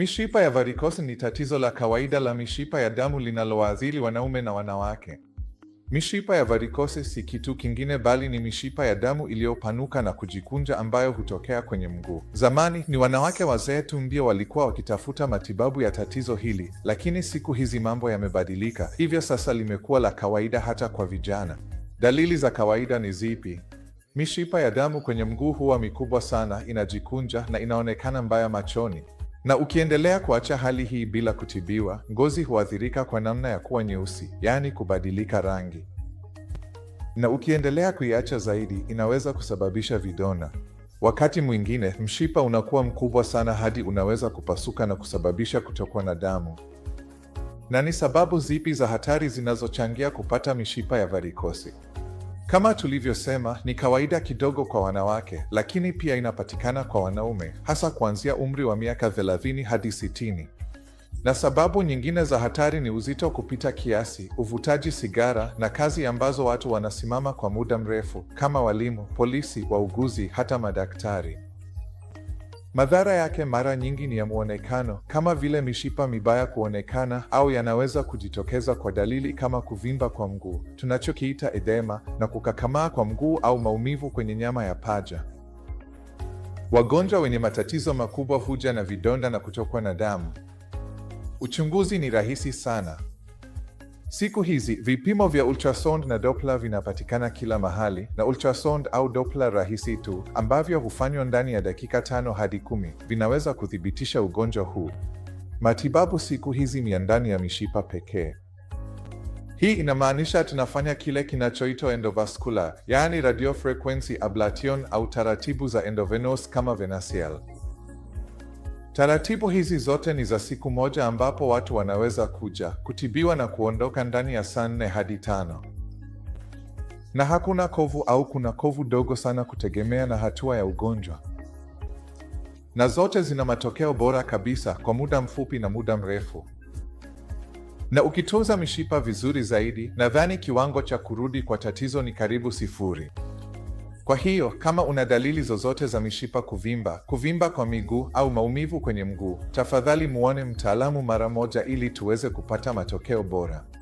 Mishipa ya varikosi ni tatizo la kawaida la mishipa ya damu linalowaadhiri wanaume na wanawake. Mishipa ya varikosi si kitu kingine bali ni mishipa ya damu iliyopanuka na kujikunja ambayo hutokea kwenye mguu. Zamani ni wanawake wazee tu ndio walikuwa wakitafuta matibabu ya tatizo hili, lakini siku hizi mambo yamebadilika, hivyo sasa limekuwa la kawaida hata kwa vijana. Dalili za kawaida ni zipi? Mishipa ya damu kwenye mguu huwa mikubwa sana, inajikunja na inaonekana mbaya machoni na ukiendelea kuacha hali hii bila kutibiwa, ngozi huathirika kwa namna ya kuwa nyeusi, yaani kubadilika rangi, na ukiendelea kuiacha zaidi, inaweza kusababisha vidonda. Wakati mwingine mshipa unakuwa mkubwa sana hadi unaweza kupasuka na kusababisha kutokwa na damu. Na ni sababu zipi za hatari zinazochangia kupata mishipa ya varikosi? Kama tulivyosema, ni kawaida kidogo kwa wanawake, lakini pia inapatikana kwa wanaume, hasa kuanzia umri wa miaka 30 hadi 60. Na sababu nyingine za hatari ni uzito kupita kiasi, uvutaji sigara, na kazi ambazo watu wanasimama kwa muda mrefu, kama walimu, polisi, wauguzi, hata madaktari. Madhara yake mara nyingi ni ya muonekano, kama vile mishipa mibaya kuonekana au yanaweza kujitokeza kwa dalili kama kuvimba kwa mguu, tunachokiita edema, na kukakamaa kwa mguu au maumivu kwenye nyama ya paja. Wagonjwa wenye matatizo makubwa huja na vidonda na kutokwa na damu. Uchunguzi ni rahisi sana. Siku hizi vipimo vya ultrasound na Doppler vinapatikana kila mahali, na ultrasound au Doppler rahisi tu ambavyo hufanywa ndani ya dakika tano hadi kumi vinaweza kuthibitisha ugonjwa huu. Matibabu siku hizi ni ya ndani ya mishipa pekee. Hii inamaanisha tunafanya kile kinachoitwa endovascular, yaani radiofrequency ablation au taratibu za endovenous kama venasiel. Taratibu hizi zote ni za siku moja ambapo watu wanaweza kuja kutibiwa na kuondoka ndani ya saa nne hadi tano, na hakuna kovu au kuna kovu dogo sana kutegemea na hatua ya ugonjwa, na zote zina matokeo bora kabisa kwa muda mfupi na muda mrefu. Na ukitunza mishipa vizuri zaidi, nadhani kiwango cha kurudi kwa tatizo ni karibu sifuri. Kwa hiyo kama una dalili zozote za mishipa kuvimba, kuvimba kwa miguu au maumivu kwenye mguu, tafadhali muone mtaalamu mara moja ili tuweze kupata matokeo bora.